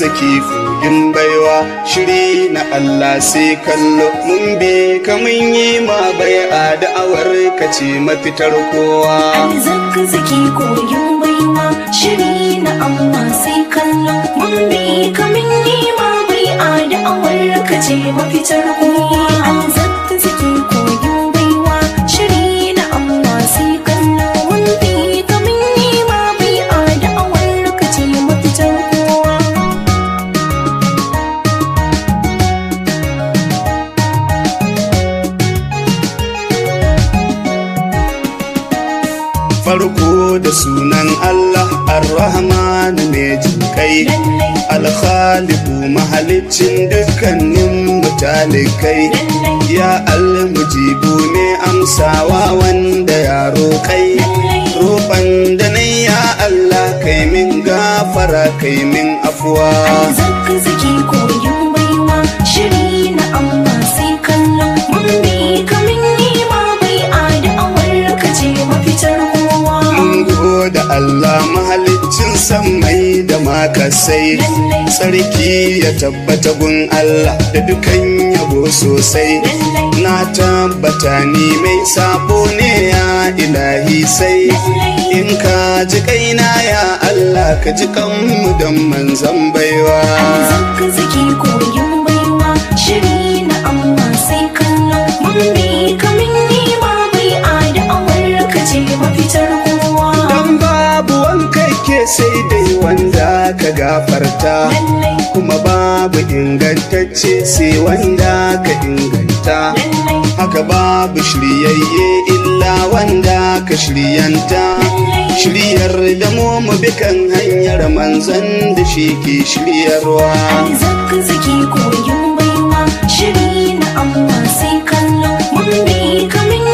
saki kogin baiwa shiri na Allah sai kallo mun bi ka mun yi ma bai'a da'awar ka ce mafitar kowa alzaka saki kogin baiwa shiri na Allah sai kallo mun bi ka mun yi ma bai'a da'awar ka ce mafitar kowa Rahman mai jin kai alkhalibu mahalicin dukkanin mutalikai ya almujibu ne amsawa wanda ya roƙai roƙon da nai ya Allah kai min gafara kai min afuwa. Zaka zaki koyon baiwa shiri na Allah. mun da Allah mahalicin mai da sai, sarki ya tabbata gun Allah da dukan yabo sosai na tabbata ni mai sabo ne ya ilahi sai in ka ji kaina ya Allah ka ji kanmu don manzan baiwa ka gafarta kuma babu ingantacce sai wanda ka inganta haka babu shiryayye illa wanda ka shiryanta shiryar da mu mu kan hanyar manzan da shi ke shiryarwa shiri na amma sai kallon mun kamin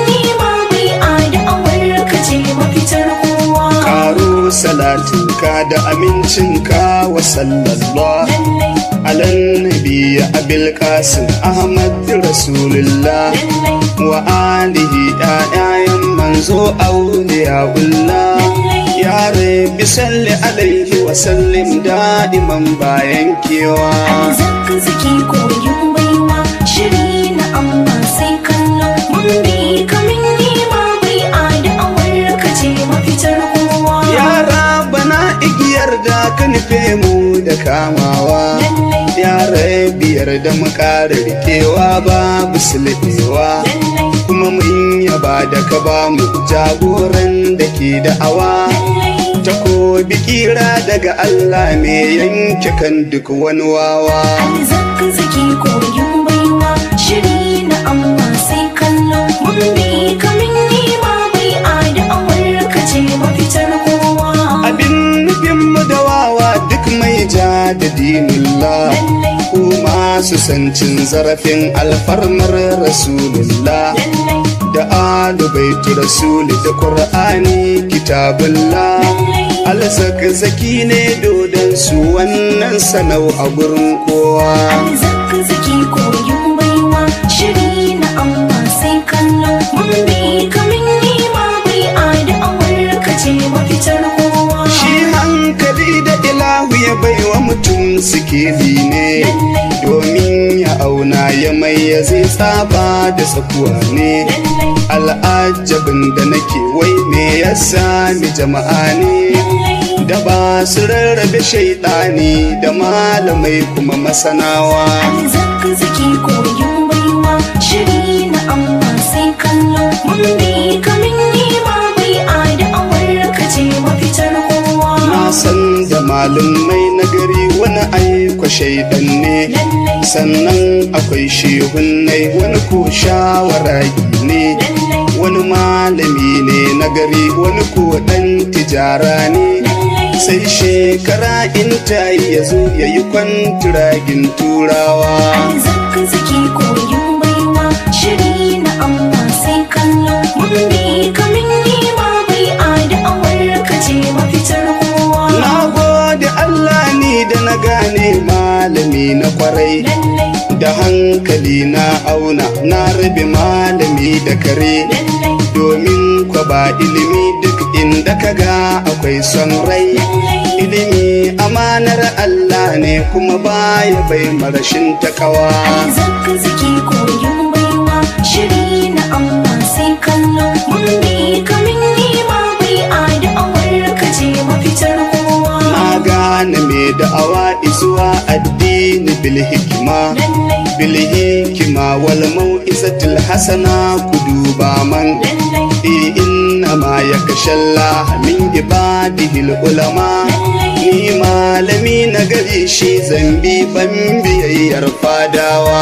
salatinka da amincinka wa sallallahu alan nabiya abil qasim ahmad rasulullah wa alihi ayyan manzo auliyaullah ya rabbi salli alaihi wa sallim da'iman bayan kewa zakka zaki ko baiwa shiri na amma sai kallo mun bi kan kan mu da kamawa ya biyar da mu ƙara rikewa babu sulaɗewa kuma mun yaba da ka ba mu jagoran da ke da'awa ta ko bikira daga Allah mai yanke kan duk wani wawa baiwa shiri na amma sai kallo mun dinillah ku masu sancin zarafin alfarmar rasulullah da alubaitu rasuli da ƙur'ani kitabullah alzakzaki ne dodon su wannan sanau a gurin kowa alzakzaki koyo ya baiwa mutum sikeli ne domin ya auna ya mai ya zai tsaba da tsakuwa ne al'ajabin da nake wai me ya sami jama'a ne da ba su rarrabe shaidani da malamai kuma masanawa shiri na amma sai kallo mun bi kamin na san da malumai nagari wani aiko shaidan ne sannan akwai nai wani ko shawaragi ne wani malami ne nagari wani ko dan tijara ne sai shekara in ta yi ya zo ya yi kwantiragin turawa shiri na amma sai kallo mun bi kamin nima bai gane malami na kwarai da hankali na auna na rabe malami da kare domin kwa ba ilimi duk inda ga akwai son rai ilimi amanar Allah ne kuma baya bai marashin takawa Allah sai kallo mun bi Wani mai da'awa isuwa addini bil hikima bil hikima wal mau'izatil hasana ku duba man inna ma yakashallah min ibadihil ulama ni malami na gari shi zambi ban biyayyar fadawa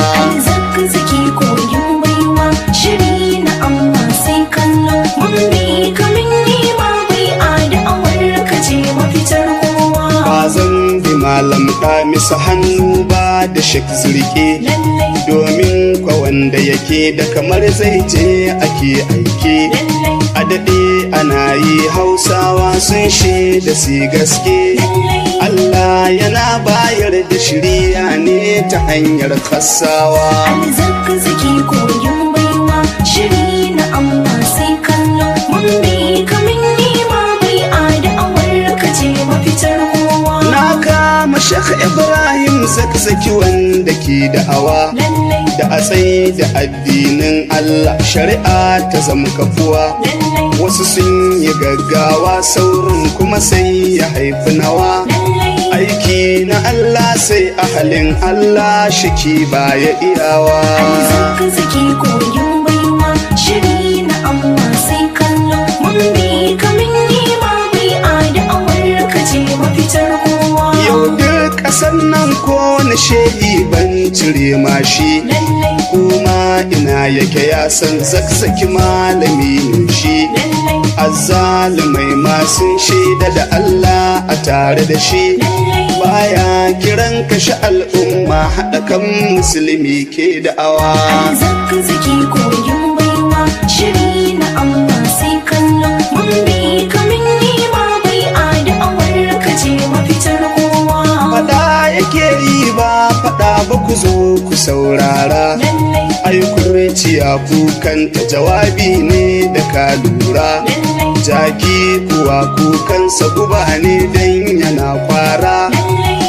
malam misa hannu ba da shek zirke domin kwa wanda yake da kamar zai je ake aike. a daɗe ana yi hausawa sun da su gaske Allah yana bayar da shirya ne ta hanyar kasawa alzakka zaki baiwa shiri na amma sai kallo mun Sheikh Ibrahim saki wanda ke da da'awa da a da addinin Allah shari'a ta zama kafuwa wasu sun yi gaggawa saurin kuma sai ya haifi nawa aiki na Allah sai ahalin Allah shiki baya iyawa Shiri na amma sai ku yau duk ƙasar nan kowane shehi ban cire mashi kuma ina yake ya san zakzaki malami shi azzalumai ma sun shaida da Allah a tare da shi baya kiran kashe al'umma haɗa kan musulmi ke da'awa zakzaki yin baiwa shiri na amma sai kallon mun bi kamin na faɗa ba ku zo ku saurara ai kurciya kukanta jawabi ne da ka lura jaki kuwa kukansa guba ne dan yana kwara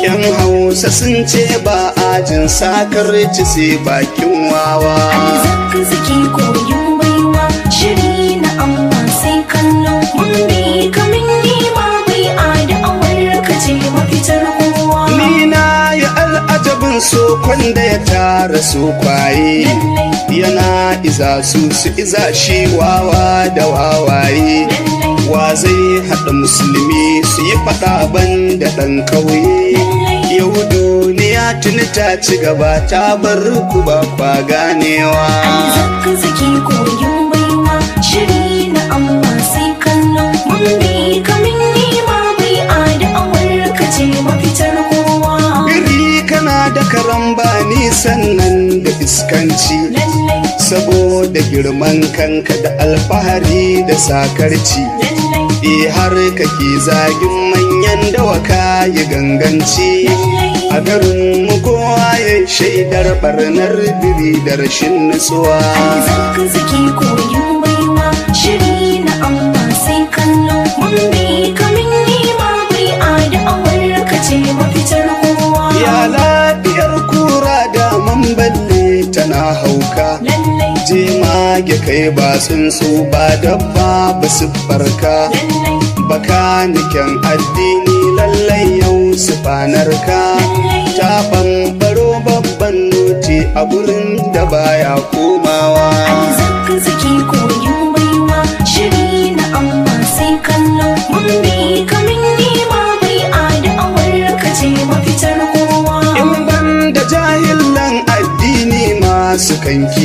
yan hausa sun ce ba ajin sakarci sai bakin wawa an so kwanda ya tara su kwaye yana iza su su iza shi wawa da wawaye wa zai haɗa musulmi su yi faɗa ban da ɗan kauye yahudu duniya ya tuni ta ci gaba ta bar ku ba kwa ganewa shiri na amma sai bai a da awar mafitar da ba ni sannan da iskanci saboda girman kanka da alfahari da sakarci e har kake zagin manyan dawaka ya ganganci a garin kowa ya shaidar barnar biri da rashin nutsuwa zaka koyon baiwa shiri na amma sai kallon mun kake kai ba tsuntsu ba dabba ba siffarka baka Bakaniken addini lallai yau sifanarka ta bambaro babban noti a gurin da baya komawa an zaki kowa in da jahilan addini kanki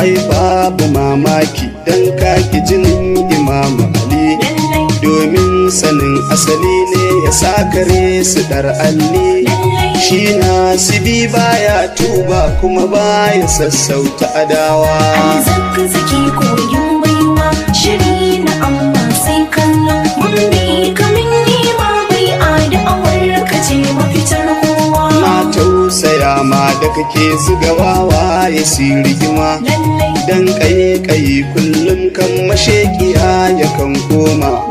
ai babu mamaki don kaki jinin imam ali domin sanin asali ne ya sakare su dar alli shi nasibi sibi baya tuba kuma baya sassauta adawa Shiri na amma sai kallon mun kake zuga wawa ya si rigima dan kaye-kaye kullum kan mashekiya ya kan koma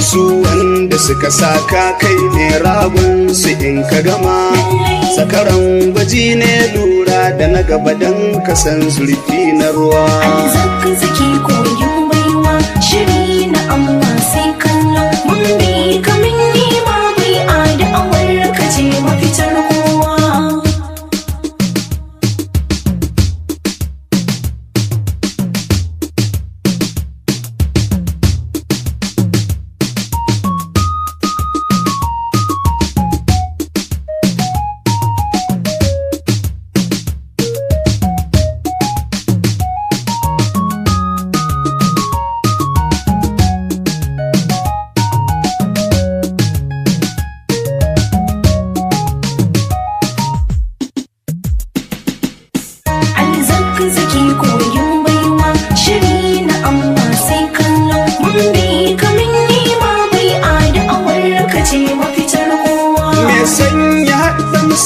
su wanda suka saka kai ne ragun su in ka gama sakaran gwaji ne lura da na gaba dan kasan zurfi na ruwa an shiri na amma sai kallon mun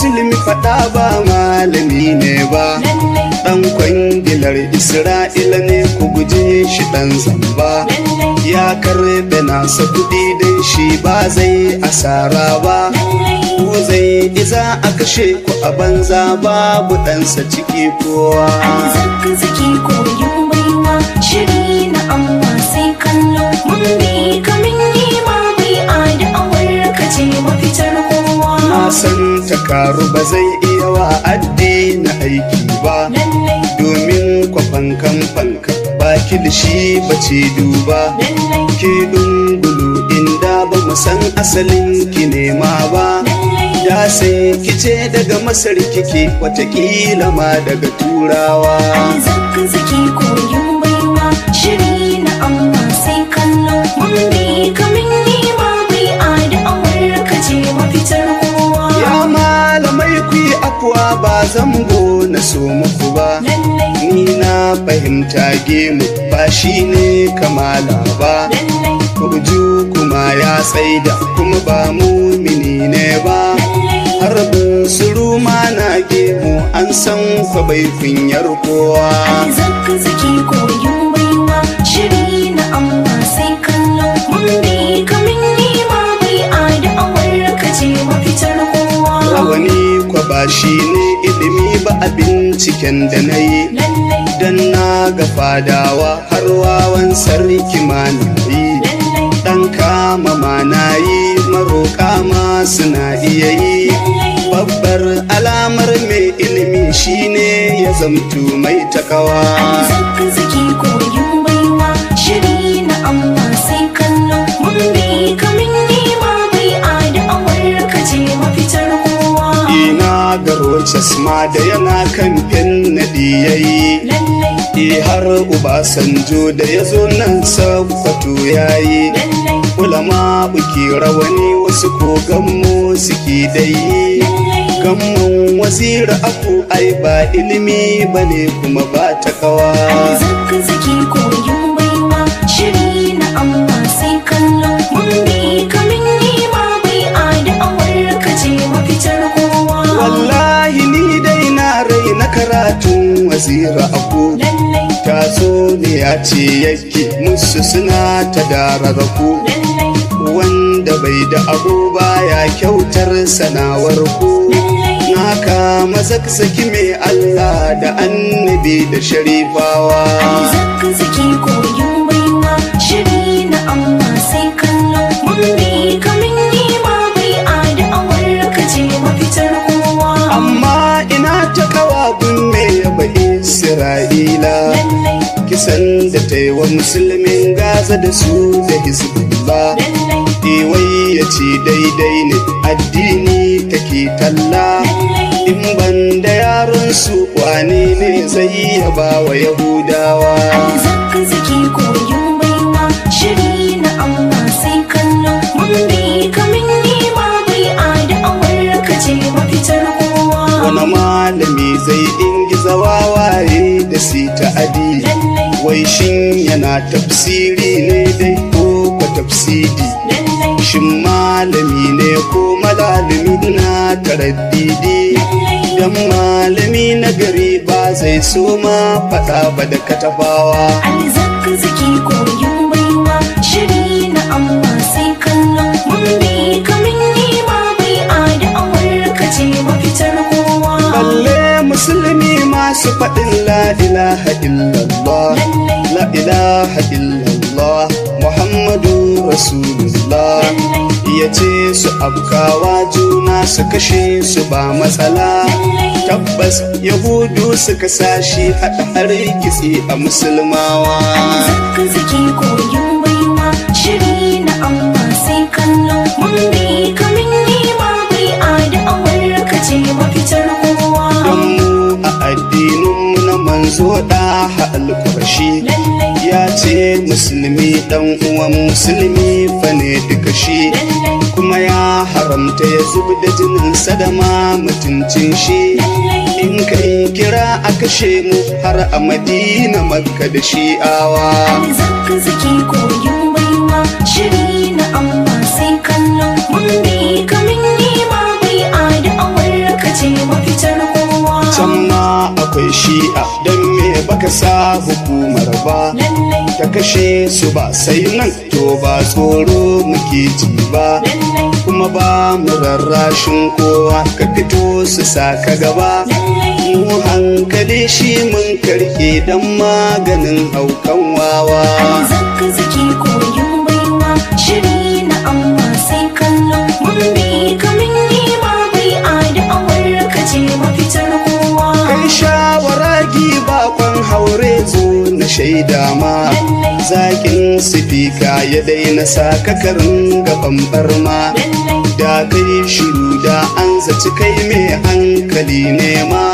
musulmi faɗa ba malami ne ba ɗan kwangilar isra'ila ne ku guji shi ɗan zamba ya karɓe nasa kuɗi don shi ba zai asara ba Ko zai iza a kashe ku a banza babu ɗansa ciki kowa shiri amma sai kallo mun bi kamin mai a da ce mafita na san ta ba zai iya wa addini aiki ba domin kwafan kamfanka ba kilishi ba ce duba ke dungulu inda ba musan san asalin ki nema ba Ya sai kice daga masar kike watakila ma daga turawa alzakin koyon shiri na amma sai kallo zango na so muku ba ni na fahimta gemu ba shi ne kamala ba kuju kuma ya tsaida kuma ba mini ne ba harbin suruma na gemu an san fa bai yar kowa zaki ko baiwa shiri na amma wani ba shi ne ilimi ba a binciken da na yi don na ga fadawa har wawan sarki ma yi dan kama ma na yi maroƙa ma suna iya yi babbar alamar mai ilimi shi ne ya zamtu mai takawa shiri na amma sai kallo mun bi kamin mai a da Charles ma da yana kan fin naɗi yayi Eh har uba Sanjo da ya zo nan sabbato yayi ulama uke rawani wasu ko gammo suke dai gamman wazira aku ai ba ilimi bane kuma ba ta kawa shiri tun wazira aku Tatsuniya ne ya ce yake musu suna ta dararraku wanda bai da abu ba ya kyautar sana'war ku ka mazaksaki mai Allah da annabi da sharifawa amma ina ta kawabin isra'ila kisan da ta yi wa musulmin gaza da su da hisbullah e, wai ya ce daidai ne addini take talla in ban da yaron su ne zai yaba wa yahudawa Shiri na bai a da mafitar wani malami zai ingiza wawaye da sita adi wai shin yana tafsiri ne dai ko ka tafsiri. shin malami ne ko malalimi na taraddidi dan malami na gari ba zai so ma faɗa ba da katabawa alzakka zaki koyon baiwa shiri na amma sai kallon mun bi kamin a lalle musulmi masu faɗin la ilaha illallah la ilaha illallah muhammadu rasulullah ya ce su abkawa juna su kashe su ba matsala tabbas yahudu suka sashi haɗa har kitse a musulmawa shiri na amma sai mun bi kamin nema bi a da awar kace mafitar zo da alƙurshi ya ce musulmi dan uwa musulmi fa ne duka shi kuma ya haramta ya zubi da jinin sadama mutuncin shi in kai kira a kashe mu har a madina makka da shi'awa zaki koyin baiwa shiri na amma sai kallon mun bi kamin yi bai a da awar kace mafi san akwai akwai shi'a don me baka sa hukumar ba ta kashe su ba sai nan to ba tsoro muke ji ba kuma ba mu rarrashin kowa ka fito su sa ka gaba mu hankali shi mun karke dan maganin haukan wawa zaka zaki bakon haure zo na shaida ma zakin sifika ya daina sakakarin gaban barma da kai shiru da an zaci kai mai hankali ne ma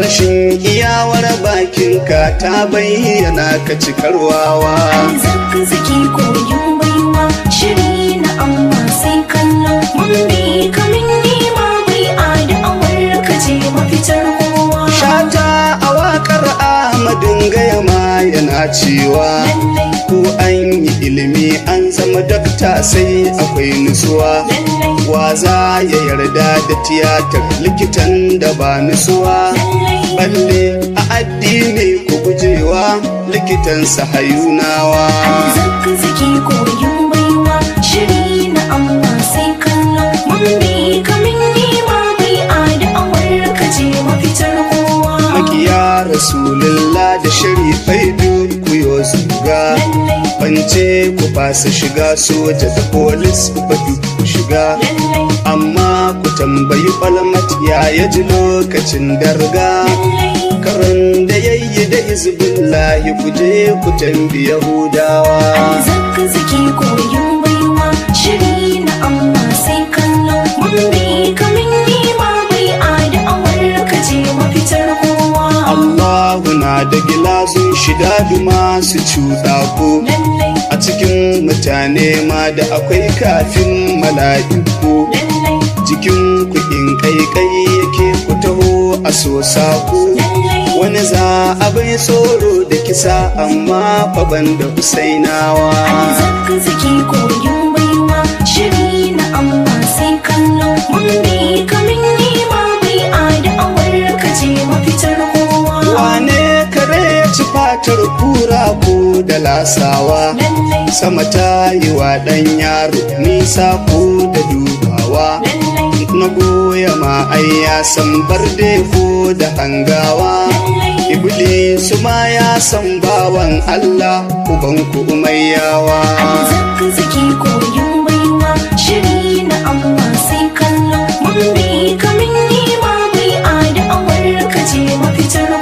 rashin iyawar bakinka ta bayyana ka cikarwawa zaki koyon baiwa shiri Ahmadin gaya ma yana cewa ku an yi ilimi an zama dakta sai akwai nutsuwa wa za ya yarda da tiyatar likitan da ba nutsuwa balle a addini ku gujewa likitan sahayunawa baiwa shiri na rasulullah da sharifai duk ku yo zuga bance ku fasa shiga soja da polis ku fafi ku shiga amma ku tambayi falmat ya ya ji lokacin darga karan da yayye da "Izbillah, ku je ku tambi yahudawa an zaka zaki koyon baiwa shiri na amma sai ka na da gilazun shida duma su ko. a cikin mutane ma da akwai kafin mala'iku jikin kuɗin ƙaiƙai yake ku taho a sosaku wani za a bai tsoro da kisa amma faban da husainawa Shiri na amma sai kallon mun fatar kura ko da lasawa sama ta yi wa ɗan yaro nisa ko da dubawa na goya ma ai ya san barde ko da hangawa su ma ya san bawan allah uban ku umayyawa zaki koyon shiri na amma sai kamin nima mai ada awar kaje mafitar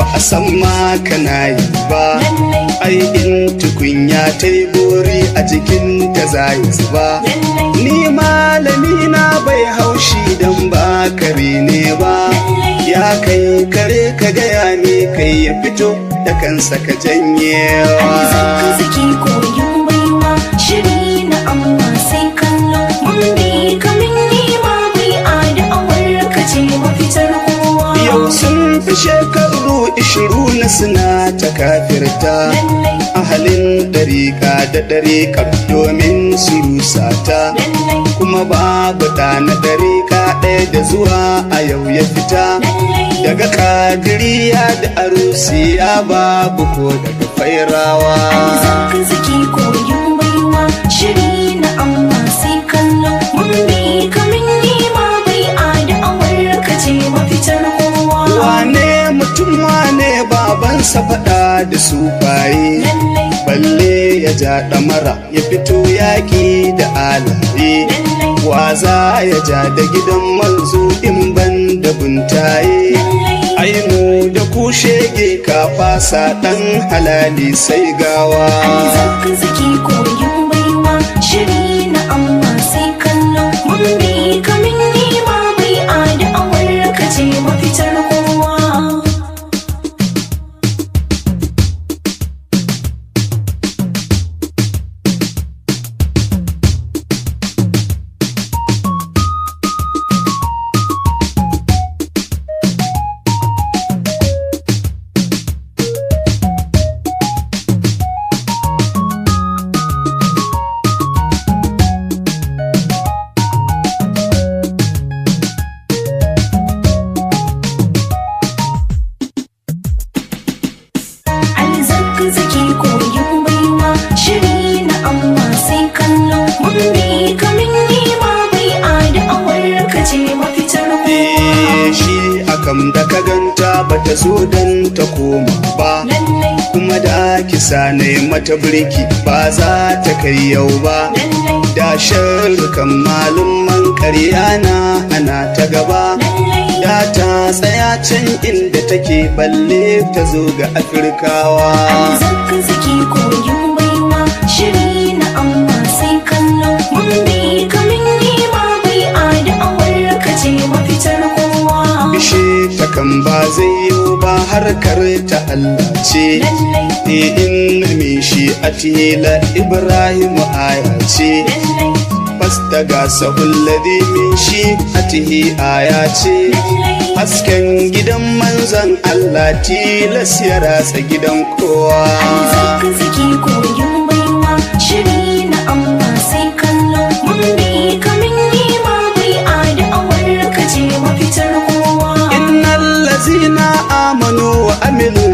ba a san ma kana yi ba ai in tukunya ta yi bori a jikin ta zai zuba ni malami na bai haushi don ba kare ne ba ya kai kare ka gaya ne kai ya fito da kansa ka janyewa Yau sun fi shiru na suna ta kafirta ahalin ɗariƙa da ɗariƙa domin su rusata kuma babu ɗa na ɗariƙa ɗaya da zuwa a yau ya fita daga kadiriya da arusiya babu ko daga fairawa Wane mutum wane babansa faɗa da sufaye balle ya ja ɗamara ya fito yaƙi da alaye waza ya ja da gidan manzo in ban da buntaye ainu da ku shege ka fasa ɗan halali sai gawa Shiri na amma sai kallo mun Eh, kam da ka ganta ba ta so dan ta koma ba kuma da kisa ne mata birki ba za ta kai yau ba da sharrukan malumman karya na ana ta gaba da ta tsaya can inda take balle ta zo ga afirkawa shiri na amma nan ba zai yiwu ba harkar ta Allah ce e inna min shi'ati la ibrahim aya ce ga sahul ladhi min shi'atihi aya ce hasken gidan manzan Allah tilas ya ratsa gidan kowa an zaka zaki koyon baiwa shiri na amma sai ka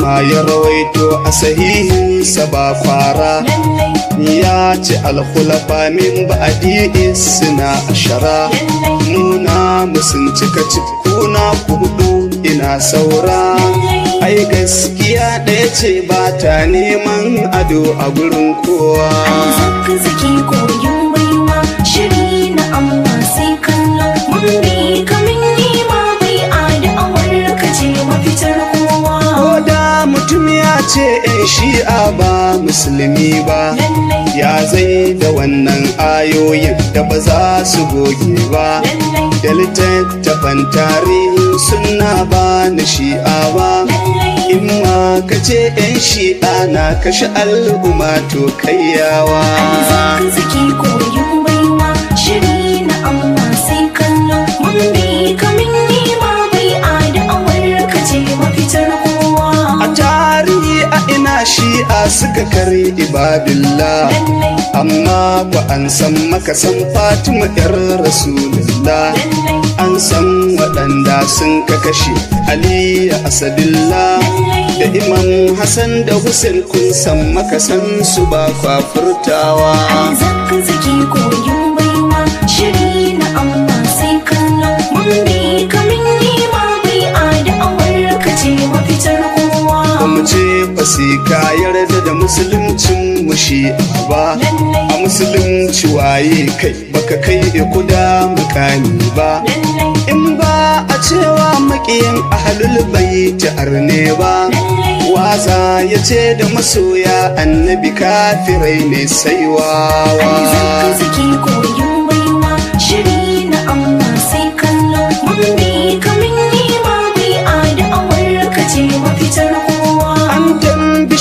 ma ya rawaito a sahihinsa ba ya ci alkhulafa min ba'adi suna ashara nuna musun cika cikuna kudu ina saura ai gaskiya ɗaya ce ba ta neman ado a gurin kowa Zaki koyon baiwa shiri na amma sai kallon ce eh, shi'a ba musulmi ba ya zai da wannan ayoyin da ba za su goge ba da littattafan tarihin suna ba na shi'a ba in ma ka ce yan eh, shi'a na kashe al'umma to kayyawa shi'a suka kare ibadillah amma ba an san maka san fatima yar rasulullah an san waɗanda sun ka kashe ali da asadillah da imam hassan da hussein kun san maka san su ba kwa furtawa an sai mun ba yarda da musuluncin mu ba a musulunci waye kai baka kai e kuda mukami ba in ba a cewa makiyin ahlul ta arne ba waza ya ce da masoya annabi kafirai ne saiwawa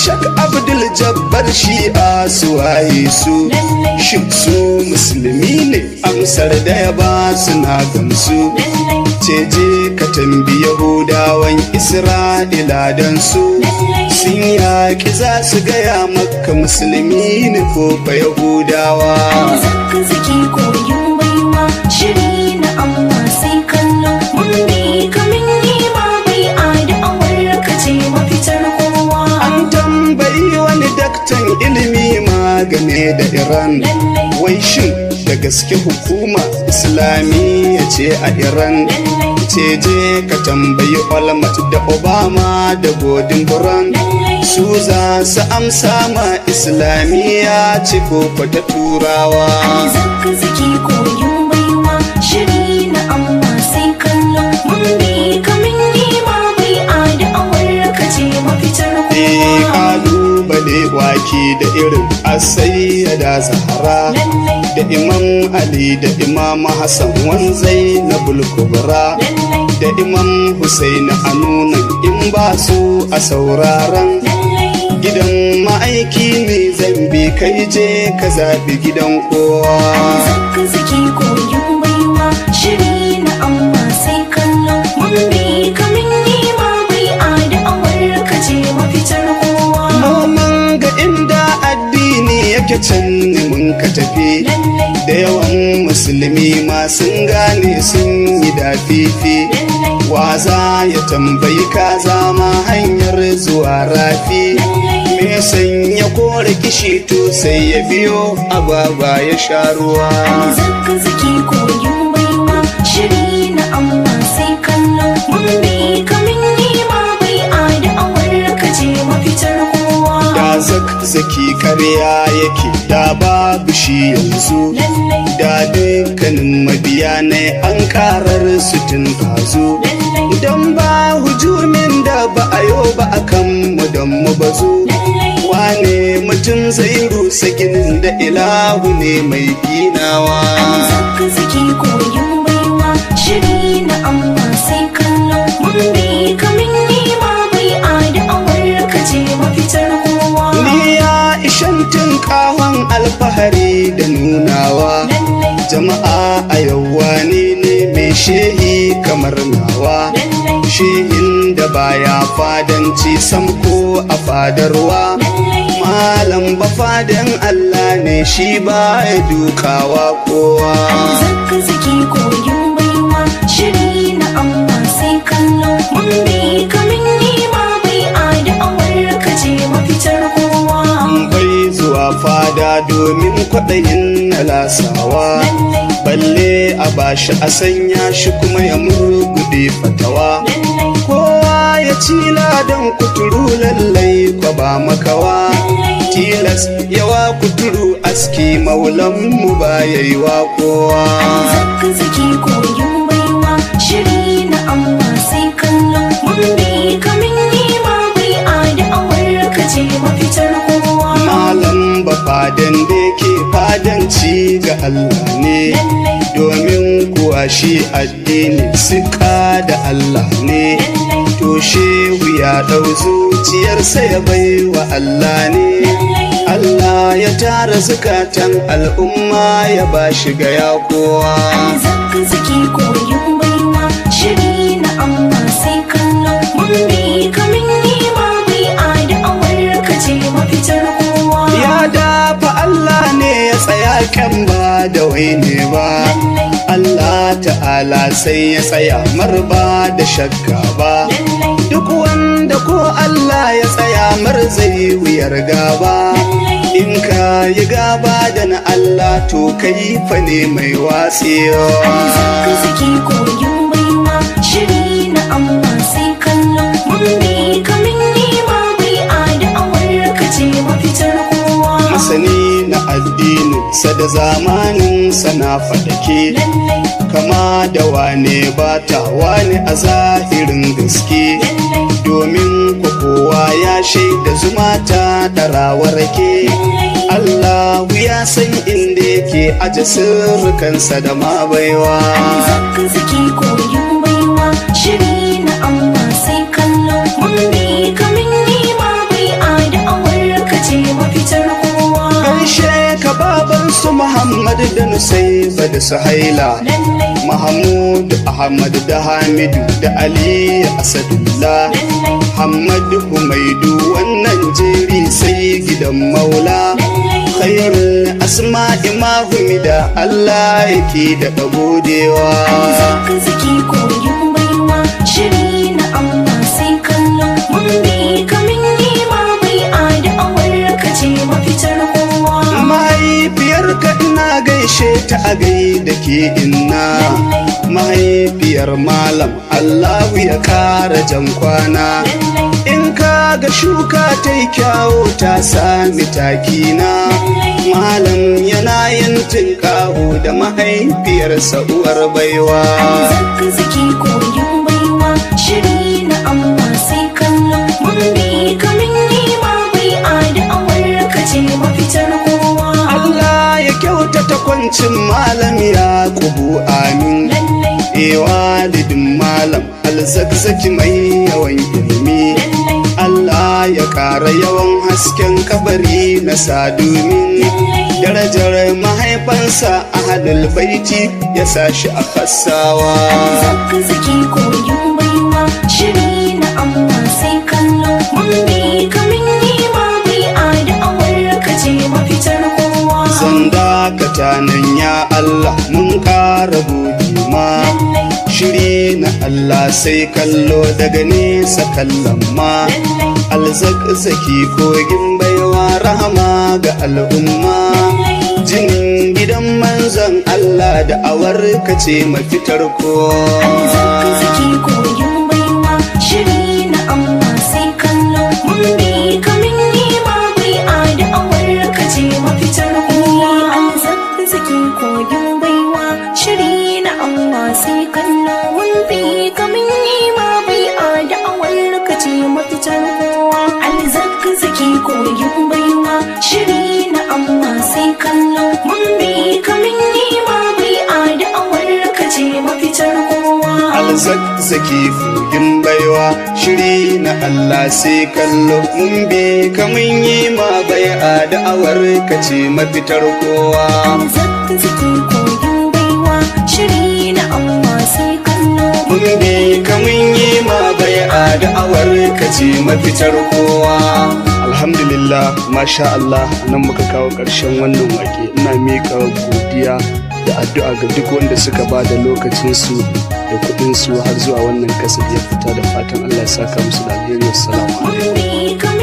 shak abdul jabbar shi a suwaye su shin su musulmi ne amsar da ya ba su na gamsu ceje ka tambi yahudawan isra'ila don su sun yaƙi za su gaya maka musulmi ne ko yahudawa game da iran wai shin da gaske hukuma islamiyya ce a iran ce je ka tambayi olmat da obama da godin buran su za su amsa ma islamiyya ce ko ta turawa Shiri amma sai kallon mun waki da irin asai da zahara da imam ali da imam hassan wanzai na bulkubra da imam husain a nuna in ba su a sauraron gidan ma'aiki mai zan kai je ka zaɓi gidan kowa take can mun ka tafi da yawan musulmi ma sun gane sun yi dafifi waza ya tambayi kaza ma hanyar zuwa rafi me san ya kore kishi to sai ya biyo ababa ya sha ruwa zaka zaki na Allah sai mun bi kamin zak zaki karya yake da babu shi yanzu da dukkanin mabiya ne an karar su tun fazo idan ba hujumin da ba a yo ba a kan mu don mu bazo wane mutum zai rusa ginin da ilahu ne mai ginawa an zaka zaki Duniya tun kawon alfahari da nunawa Jama'a a yauwa ne ne mai shehi kamar nawa Shehin da baya fadanci samko a fadarwa Malam ba fadan Allah ne shi ba dukawa kowa zaki koyo domin kwaɗayin nalasawa balle a bashi a sanya shi kuma ya murgude fatawa kowa ya ci ladan kuturu lallai kwa ba makawa tilas yawa kuturu aski maulanmu ba ya yi wa kowa kamin nima bai a da awar mafitar ba fadan da ke fadanci ga Allah ne domin kuwa shi addini suka da Allah ne to shehu ya ɗau zuciyarsa ya baiwa Allah ne Allah ya tara zukatan al'umma ya ba shi ga ya kowa. Zaka amma sai kallon mun bi kan kai ne ba Allah ta'ala sai ya tsaya mar ba da shakka ba duk wanda ko Allah ya tsaya mar zai wuyar gaba in ka yi gaba da na Allah to kai fa ne mai watsewa Sani sada zamanin sana fadake kama da wane bata wane a zahirin gaske domin kowa ya shaida zuma ta ɗarawar rake Allahu ya san inda yake aje sirrikansa da ma baiwa. An zakan koyon baiwa shiri na amma. su Muhammad da Nusaiba da Suhaila Mahamud Ahmad da Hamidu da Ali Asadullah hamadu Humaidu wannan jeri sai gidan Maula khairul asma'i ma da Allah yake da godewa An zaki zaki koyon baiwa shiri na amma sai kallon mun mahaifiyarka ina gaishe ta a gai da ke inna mahaifiyar malam allahu ya kara jan kwana in ka ga shuka ta yi kyawo ta sami takina malam yana yin kawo da mahaifiyar sa'uwar baiwa shiri na amma sai kallon mun Cin malam ya kubu amin E walidin malam alzakzaki mai yawan ilimi Allah ya ƙara yawan hasken kabari na sadumin Darajar mahaifansa a halal baiti ya sa shi a fassawa Alzakzaki koyon baiwa shiri na amma sai shanan ya Allah mun ƙara buɗe ma shiri na Allah sai kallo daga nesa kallon ma alzakzaki kogin baiwa rahama ga al'umma jinin gidan manzon Allah da awarka ce mafitar ko koyin baiwa shiri na sai kallo mun fugin baiwa shiri na Allah sai kallo mun bi kamin yi ma bai ada awar ce mafitar kowa baiwa shiri na amma sai kallo mun bi yi ma bai awar ce mafitar kowa alhamdulillah masha Allah nan muka kawo ƙarshen wannan wake ina miƙa godiya da addu'a ga duk wanda suka ba da lokacinsu da kuɗinsu har zuwa wannan kasar ya fita da fatan Allah ya saka musu da alheri